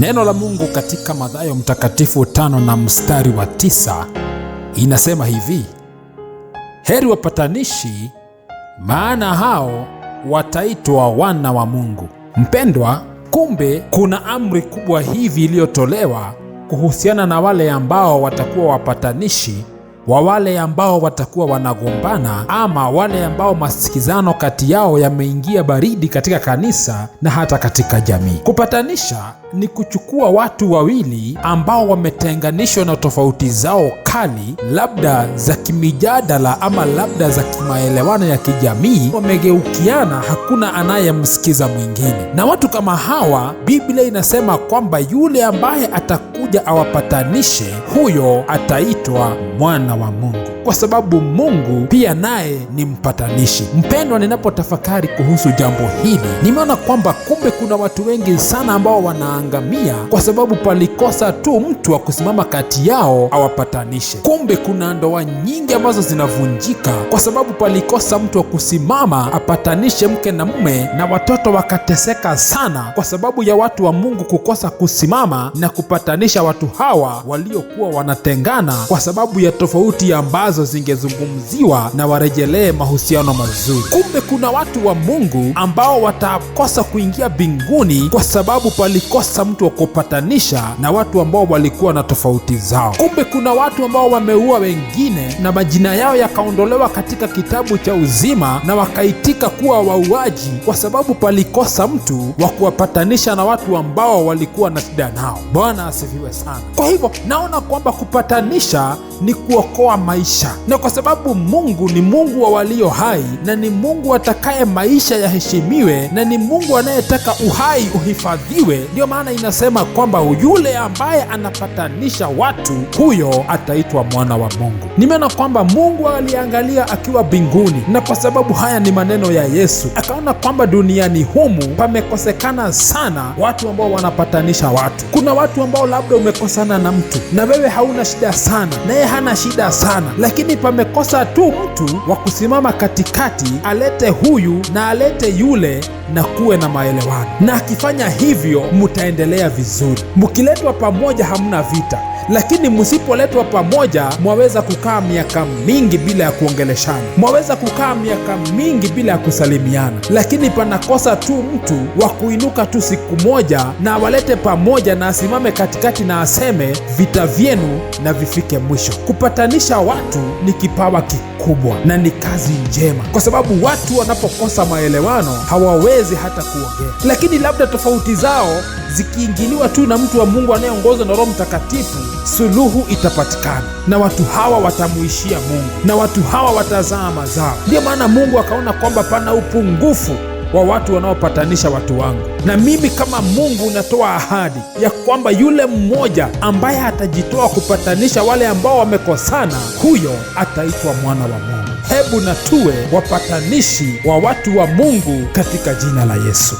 Neno la Mungu katika Mathayo mtakatifu tano na mstari wa tisa inasema hivi, heri wapatanishi, maana hao wataitwa wana wa Mungu. Mpendwa, kumbe kuna amri kubwa hivi iliyotolewa kuhusiana na wale ambao watakuwa wapatanishi wa wale ambao watakuwa wanagombana ama wale ambao masikizano kati yao yameingia baridi katika kanisa na hata katika jamii. Kupatanisha ni kuchukua watu wawili ambao wametenganishwa na tofauti zao kali, labda za kimijadala ama labda za kimaelewano ya kijamii, wamegeukiana, hakuna anayemsikiza mwingine. Na watu kama hawa, Biblia inasema kwamba yule ambaye atakuja awapatanishe, huyo ataitwa mwana wa Mungu kwa sababu Mungu pia naye ni mpatanishi. Mpendwa, ninapotafakari kuhusu jambo hili, nimeona kwamba kumbe kuna watu wengi sana ambao wanaangamia kwa sababu palikosa tu mtu wa kusimama kati yao awapatanishe. Kumbe kuna ndoa nyingi ambazo zinavunjika kwa sababu palikosa mtu wa kusimama apatanishe mke na mume, na watoto wakateseka sana kwa sababu ya watu wa Mungu kukosa kusimama na kupatanisha watu hawa waliokuwa wanatengana kwa sababu ya tofauti ambazo ambazo zingezungumziwa na warejelee mahusiano mazuri. Kumbe kuna watu wa Mungu ambao watakosa kuingia binguni kwa sababu palikosa mtu wa kupatanisha na watu ambao walikuwa na tofauti zao. Kumbe kuna watu ambao wameua wengine na majina yao yakaondolewa katika kitabu cha uzima na wakaitika kuwa wauaji kwa sababu palikosa mtu wa kuwapatanisha na watu ambao walikuwa na shida nao. Bwana asifiwe sana. Kwa hivyo naona kwamba kupatanisha ni kuokoa maisha maisha, na kwa sababu Mungu ni Mungu wa walio hai na ni Mungu atakaye maisha yaheshimiwe na ni Mungu anayetaka uhai uhifadhiwe, ndiyo maana inasema kwamba yule ambaye anapatanisha watu, huyo ataitwa mwana wa Mungu. Nimeona kwamba Mungu aliangalia akiwa binguni na kwa sababu haya ni maneno ya Yesu, akaona kwamba duniani humu pamekosekana sana watu ambao wanapatanisha watu. Kuna watu ambao labda umekosana na mtu na wewe hauna shida sana, naye hana shida sana lakini pamekosa tu mtu wa kusimama katikati, alete huyu na alete yule na kuwe na maelewano, na akifanya hivyo mutaendelea vizuri. Mkiletwa pamoja hamna vita, lakini msipoletwa pamoja mwaweza kukaa miaka mingi bila ya kuongeleshana, mwaweza kukaa miaka mingi bila ya kusalimiana, lakini panakosa tu mtu wa kuinuka tu siku moja na awalete pamoja na asimame katikati na aseme vita vyenu na vifike mwisho. Kupatanisha watu ni kipawa kikubwa na ni kazi njema, kwa sababu watu wanapokosa maelewano hawawe hawawezi hata kuongea, lakini labda tofauti zao zikiingiliwa tu na mtu wa Mungu anayeongozwa na Roho Mtakatifu, suluhu itapatikana na watu hawa watamuishia Mungu na watu hawa watazaa mazao. Ndiyo maana Mungu akaona kwamba pana upungufu wa watu wanaopatanisha watu wangu. Na mimi kama Mungu unatoa ahadi ya kwamba yule mmoja ambaye atajitoa kupatanisha wale ambao wamekosana, huyo ataitwa mwana wa Mungu. Hebu na tuwe wapatanishi wa watu wa Mungu katika jina la Yesu.